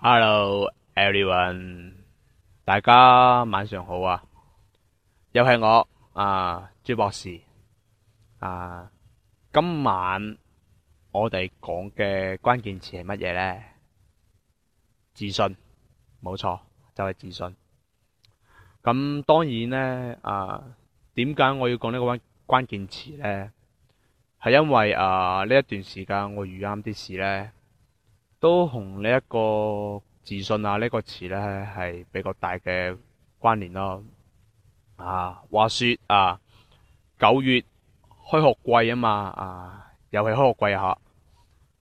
Hello everyone，大家晚上好啊！又係我啊，朱博士啊，今晚我哋講嘅關鍵詞係乜嘢呢？「自信」，冇錯，就係、是、自信。咁當然呢，啊，點解我要講呢個關關鍵詞呢？係因為啊，呢一段時間我遇啱啲事呢。都同呢一個自信啊，呢個詞咧係比較大嘅關聯咯。啊，話說啊，九月開學季啊嘛，啊又係開學季啊，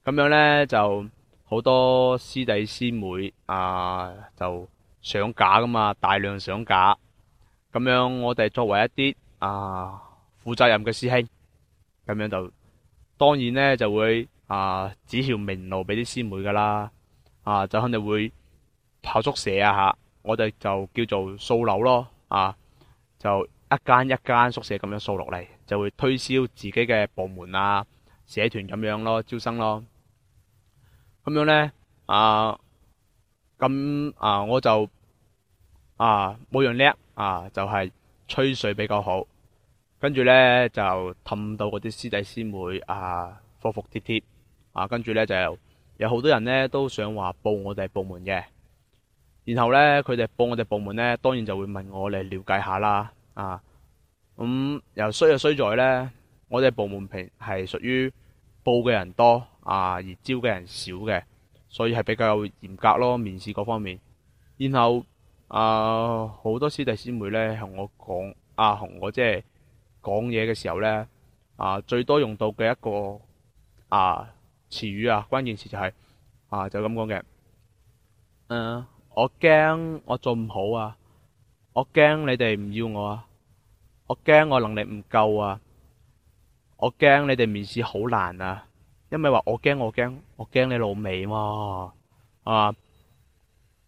咁樣咧就好多師弟師妹啊就上架噶嘛，大量上架。咁樣我哋作為一啲啊負責任嘅師兄，咁樣就當然咧就會。啊！指條明路俾啲師妹噶啦，啊就肯定會跑宿舍啊嚇！我哋就叫做掃樓咯，啊就一間一間宿舍咁樣掃落嚟，就會推銷自己嘅部門啊、社團咁樣咯，招生咯。咁樣咧，啊咁啊我就啊冇樣叻啊，就係吹水比較好，跟住咧就氹到嗰啲師弟師妹啊服服帖帖。复复提提提啊，跟住咧就有好多人咧都想話報我哋部門嘅，然後咧佢哋報我哋部門咧，當然就會問我嚟了解下啦。啊，咁、嗯、又衰就衰在咧，我哋部門平係屬於報嘅人多啊，而招嘅人少嘅，所以係比較有嚴格咯，面試嗰方面。然後啊，好多師弟師妹咧同我講，啊同我即係講嘢嘅時候咧，啊最多用到嘅一個啊。詞語啊，關鍵詞就係、是、啊，就咁講嘅。誒，uh, 我驚我做唔好啊，我驚你哋唔要我啊，我驚我能力唔夠啊，我驚你哋面試好難啊。因為話我驚我驚我驚你老味嘛啊。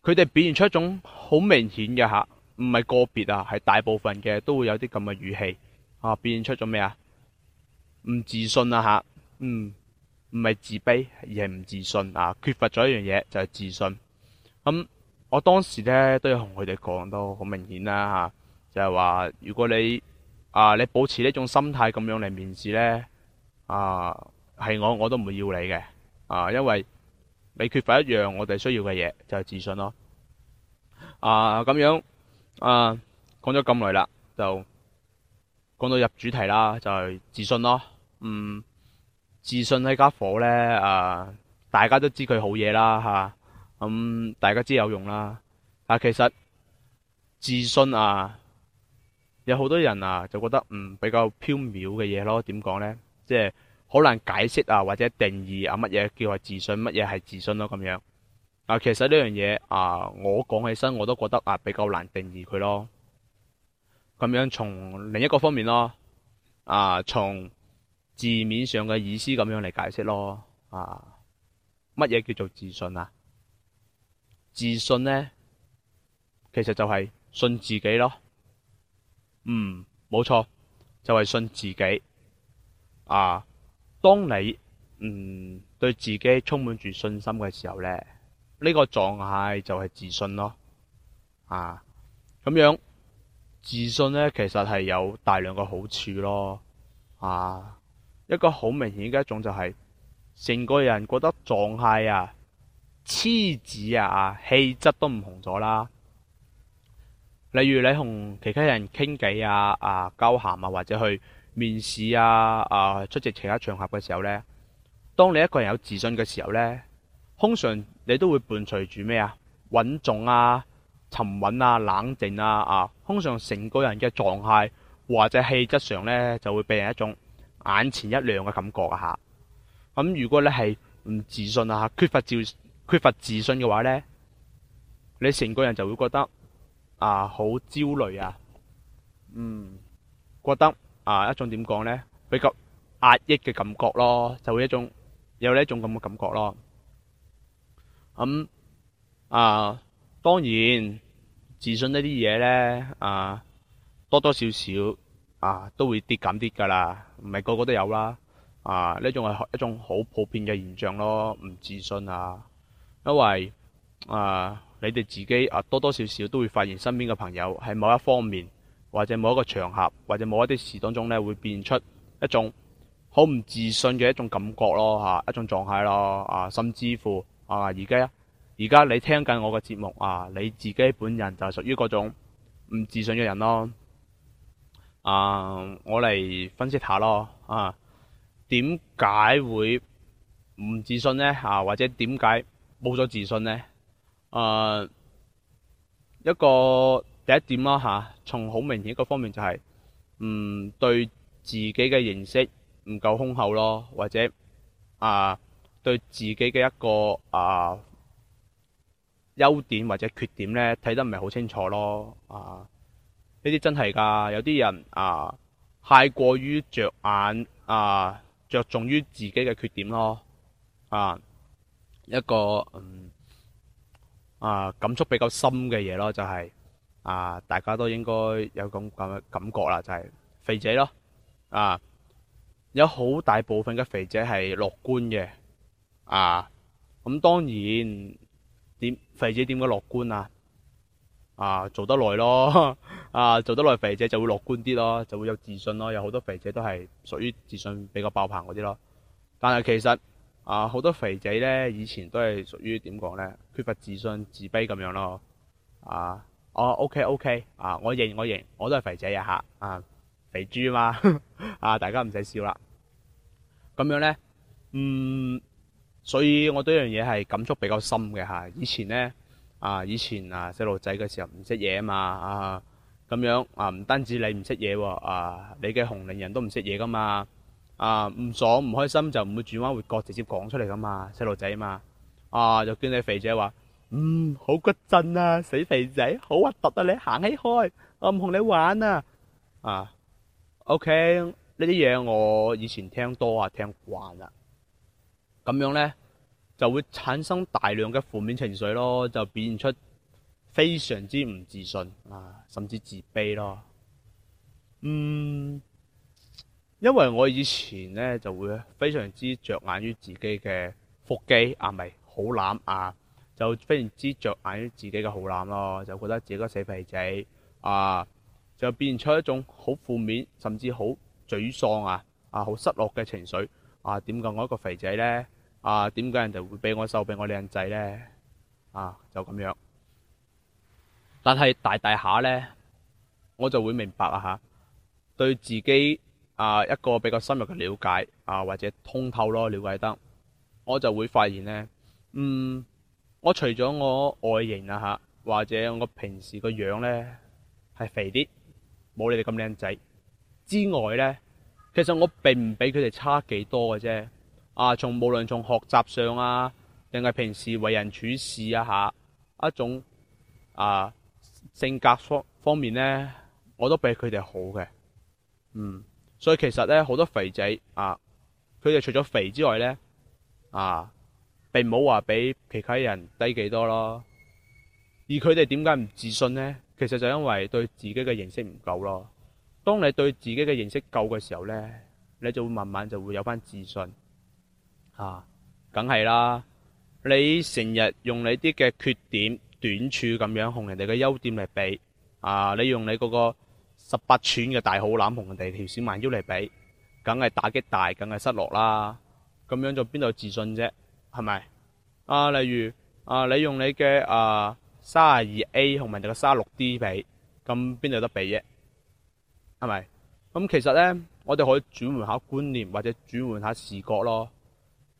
佢哋表現出一種好明顯嘅吓，唔係個別啊，係大部分嘅都會有啲咁嘅語氣啊，表現出咗咩啊？唔自信啊吓，嗯。唔係自卑，而係唔自信啊！缺乏咗一樣嘢就係自信。咁我當時咧都要同佢哋講都好明顯啦吓，就係話如果你啊你保持呢種心態咁樣嚟面試咧啊，係我我都唔會要你嘅啊，因為你缺乏一樣我哋需要嘅嘢就係自信咯。啊，咁樣啊，講咗咁耐啦，就講到入主題啦，就係自信咯，嗯。自信呢家火咧，啊，大家都知佢好嘢啦，吓，咁大家知有用啦。啊，其實自信啊，有好多人啊就覺得嗯比較飄渺嘅嘢咯。點講咧？即係好難解釋啊，或者定義啊，乜嘢叫係自信，乜嘢係自信咯咁樣。啊，其實呢樣嘢啊，我講起身我都覺得啊比較難定義佢咯。咁樣從另一個方面咯，啊從。字面上嘅意思咁樣嚟解釋咯，啊，乜嘢叫做自信啊？自信呢，其實就係信自己咯。嗯，冇錯，就係信自己。啊，當你嗯對自己充滿住信心嘅時候呢，呢個狀態就係自信咯。啊，咁樣自信呢，其實係有大量嘅好處咯。啊。一個好明顯嘅一種就係、是、成個人覺得狀態啊、氣質啊、氣質都唔同咗啦。例如你同其他人傾偈啊、啊交談啊，或者去面試啊、啊出席其他場合嘅時候呢，當你一個人有自信嘅時候呢，通常你都會伴隨住咩啊？穩重啊、沉穩啊、冷靜啊啊，通常成個人嘅狀態或者氣質上呢，就會俾人一種。眼前一亮嘅感覺吓咁、嗯，如果你係唔自信啊，缺乏自缺乏自信嘅話呢，你成個人就會覺得啊好焦慮啊，嗯，覺得啊一種點講呢，比較壓抑嘅感覺咯，就會一種有呢一種咁嘅感覺咯。咁、嗯、啊，當然自信呢啲嘢呢，啊，多多少少，啊，都會跌緊啲噶啦，唔係個個都有啦。啊，呢種係一種好普遍嘅現象咯，唔自信啊。因為啊，你哋自己啊，多多少少都會發現身邊嘅朋友喺某一方面，或者某一個場合，或者某一啲事當中咧，會表現出一種好唔自信嘅一種感覺咯，吓、啊、一種狀態咯。啊，甚至乎啊，而家而家你聽緊我嘅節目啊，你自己本人就係屬於嗰種唔自信嘅人咯。啊，uh, 我嚟分析下咯，啊，點解會唔自信呢？啊，或者點解冇咗自信呢？啊，一個第一點啦吓，從、啊、好明顯一個方面就係、是，嗯，對自己嘅認識唔夠胸厚咯，或者啊，對自己嘅一個啊優點或者缺點咧，睇得唔係好清楚咯，啊。呢啲真係噶、啊，有啲人啊太過於着眼啊，着重於自己嘅缺點咯啊，一個嗯啊感觸比較深嘅嘢咯，就係、是、啊大家都應該有咁咁嘅感覺啦，就係、是、肥仔咯啊，有好大部分嘅肥仔係樂觀嘅啊，咁、嗯、當然點肥仔點解樂觀啊啊做得耐咯。 啊，做得耐肥仔就會樂觀啲咯，就會有自信咯。有好多肥仔都係屬於自信比較爆棚嗰啲咯。但係其實啊，好多肥仔咧以前都係屬於點講咧？缺乏自信、自卑咁樣咯。啊，我、啊、OK OK 啊，我認我認，我都係肥仔啊嚇啊，肥豬啊嘛 啊，大家唔使笑啦。咁樣咧，嗯，所以我對一樣嘢係感觸比較深嘅吓，以前咧啊，以前啊細路仔嘅時候唔識嘢啊嘛啊。咁樣啊，唔單止你唔識嘢喎，啊，你嘅紅領人都唔識嘢噶嘛，啊，唔爽唔開心就唔會轉彎換角直接講出嚟噶嘛，細路仔嘛，啊，就叫你肥仔話，嗯，好骨震啊，死肥仔，好核突啊，你行起開，我唔同你玩啊，啊，OK，呢啲嘢我以前聽多啊，聽慣啦，咁樣咧就會產生大量嘅負面情緒咯，就表現出。非常之唔自信啊，甚至自卑咯。嗯，因為我以前呢，就會非常之着眼於自己嘅腹肌啊，唔係好腩啊，就非常之着眼於自己嘅好腩咯，就覺得自己個死肥仔啊，就表現出一種好負面，甚至好沮喪啊啊，好失落嘅情緒啊。點解我一個肥仔呢？啊？點解人哋會比我瘦，比我靚仔呢？啊，就咁樣。但係大大下咧，我就會明白啦吓，對自己啊、呃、一個比較深入嘅了解啊、呃、或者通透咯，了解得，我就會發現咧，嗯，我除咗我外形啊吓，或者我平時個樣咧係肥啲，冇你哋咁靚仔之外咧，其實我並唔比佢哋差幾多嘅啫、啊，啊，從無論從學習上啊，定係平時為人處事啊吓、啊，一種啊。性格方方面呢，我都比佢哋好嘅。嗯，所以其實呢，好多肥仔啊，佢哋除咗肥之外呢，啊，並冇話比其他人低幾多咯。而佢哋點解唔自信呢？其實就因為對自己嘅認識唔夠咯。當你對自己嘅認識夠嘅時候呢，你就會慢慢就會有翻自信，啊，梗係啦。你成日用你啲嘅缺點。短處咁樣同人哋嘅優點嚟比啊！你用你嗰個十八寸嘅大好攬同人哋條小蠻腰嚟比，梗係打擊大，梗係失落啦。咁樣就邊度有自信啫？係咪啊？例如啊，你用你嘅啊三十二 A 同埋你嘅三十六 D 比，咁邊度有得比啫？係咪咁？其實咧，我哋可以轉換下觀念或者轉換下視覺咯。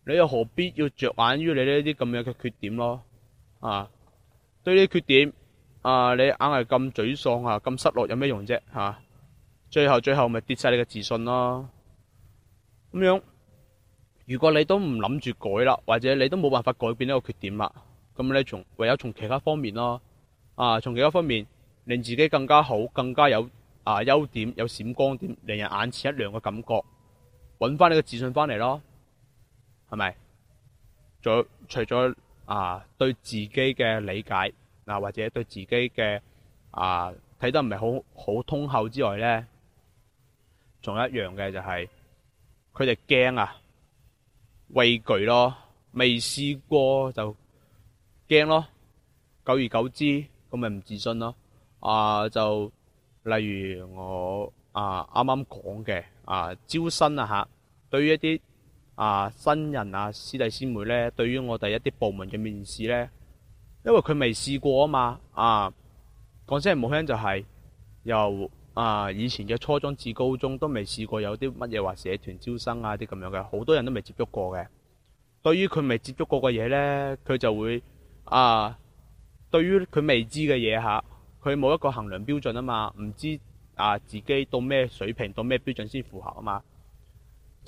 你又何必要着眼於你呢啲咁樣嘅缺點咯？啊！對啲缺點，啊，你硬係咁沮喪啊，咁失落有咩用啫？吓、啊，最後最後咪跌晒你嘅自信咯。咁樣，如果你都唔諗住改啦，或者你都冇辦法改變呢個缺點啦，咁你從唯有從其他方面咯，啊，從其他方面令自己更加好，更加有啊優點，有閃光點，令人眼前一亮嘅感覺，揾翻你嘅自信翻嚟咯，係咪？仲除咗。啊，對自己嘅理解嗱、啊，或者對自己嘅啊睇得唔係好好通透之外咧，仲有一樣嘅就係佢哋驚啊，畏懼咯，未試過就驚咯，久而久之咁咪唔自信咯。啊，就例如我啊啱啱講嘅啊招生啊嚇，對於一啲。啊，新人啊，師弟師妹咧，對於我哋一啲部門嘅面試咧，因為佢未試過啊嘛，啊，講聲唔好聽就係由啊以前嘅初中至高中都未試過有啲乜嘢話社團招生啊啲咁樣嘅，好多人都未接觸過嘅。對於佢未接觸過嘅嘢咧，佢就會啊，對於佢未知嘅嘢嚇，佢冇一個衡量標準啊嘛，唔知啊自己到咩水平，到咩標準先符合啊嘛。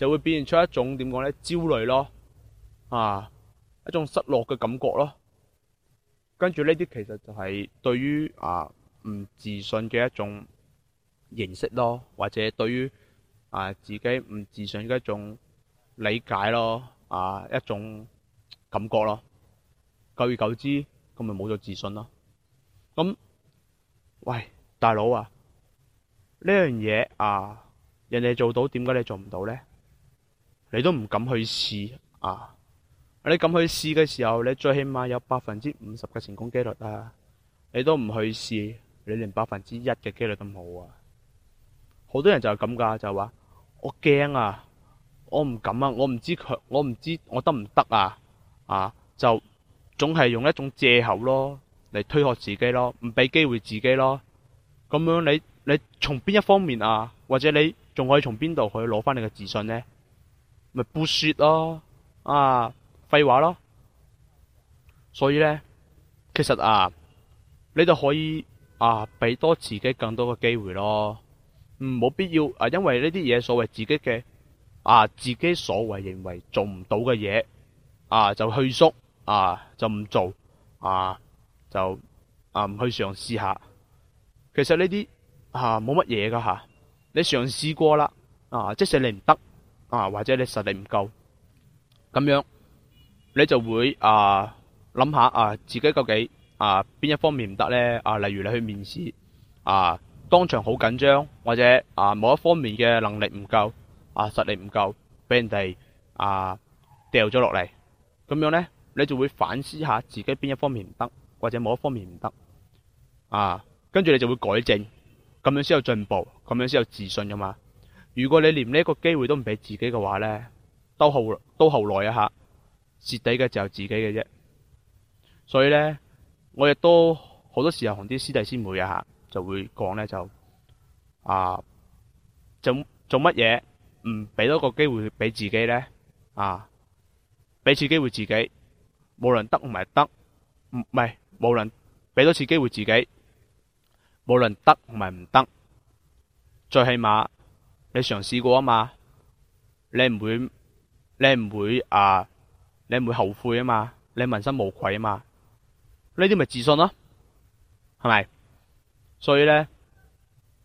就會表現出一種點講咧焦慮咯，啊，一種失落嘅感覺咯，跟住呢啲其實就係對於啊唔自信嘅一種認識咯，或者對於啊自己唔自信嘅一種理解咯，啊一種感覺咯，久而久之咁咪冇咗自信咯。咁喂，大佬啊，呢樣嘢啊人哋做到，點解你做唔到咧？你都唔敢去試啊！你敢去試嘅時候，你最起碼有百分之五十嘅成功幾率啊！你都唔去試，你連百分之一嘅幾率都冇啊！好多人就係咁噶，就話、是、我驚啊，我唔敢啊，我唔知佢，我唔知我得唔得啊？啊，就總係用一種借口咯，嚟推殼自己咯，唔俾機會自己咯。咁樣你你從邊一方面啊，或者你仲可以從邊度去攞翻你嘅自信呢？咪不說咯，啊廢話咯，所以咧，其實啊，你就可以啊，俾多自己更多嘅機會咯，唔冇必要啊，因為呢啲嘢所謂自己嘅啊，自己所謂認為做唔到嘅嘢啊，就去縮啊，就唔做啊，就啊唔去嘗試下，其實呢啲吓冇乜嘢噶吓，你嘗試過啦啊，即使你唔得。啊，或者你實力唔夠，咁樣你就會啊諗下啊自己究竟啊邊一方面唔得咧？啊，例如你去面試啊當場好緊張，或者啊某一方面嘅能力唔夠，啊實力唔夠，俾人哋啊掉咗落嚟，咁樣咧你就會反思下自己邊一方面唔得，或者某一方面唔得，啊跟住你就會改正，咁樣先有進步，咁樣先有自信㗎嘛。如果你連呢一個機會都唔俾自己嘅話咧，到後到後來啊吓，蝕底嘅就係自己嘅啫。所以咧，我亦都好多時候同啲師弟師妹啊吓，就會講咧就啊，做做乜嘢唔俾多個機會俾自己咧啊？俾次機會自己，無論得唔係得，唔係無論俾多次機會自己，無論得唔係唔得，最起碼。你嘗試過啊嘛，你唔會，你唔會啊，你唔會後悔啊嘛，你問心無愧啊嘛，呢啲咪自信咯啊，係咪？所以咧，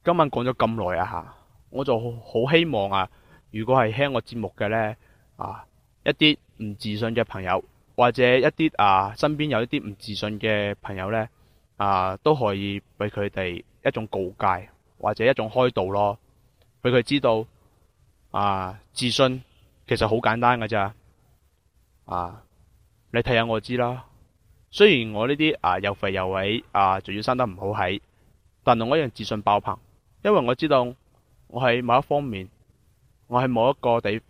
今晚講咗咁耐啊吓，我就好希望啊，如果係聽我節目嘅咧啊，一啲唔自信嘅朋友，或者一啲啊身邊有一啲唔自信嘅朋友咧啊，都可以俾佢哋一種告誡，或者一種開導咯。俾佢知道，啊自信其實好簡單㗎咋，啊你睇下我知啦。雖然我呢啲啊又肥又矮啊，仲要生得唔好睇，但同我一樣自信爆棚。因為我知道我喺某一方面，我喺某一個地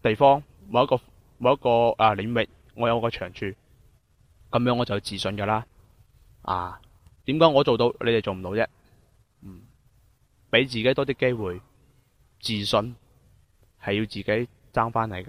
地方，某一個某一個啊領域，我有個長處，咁樣我就自信㗎喇。啊，點解我做到你哋做唔到啫？嗯，俾自己多啲機會。自信係要自己爭翻嚟㗎。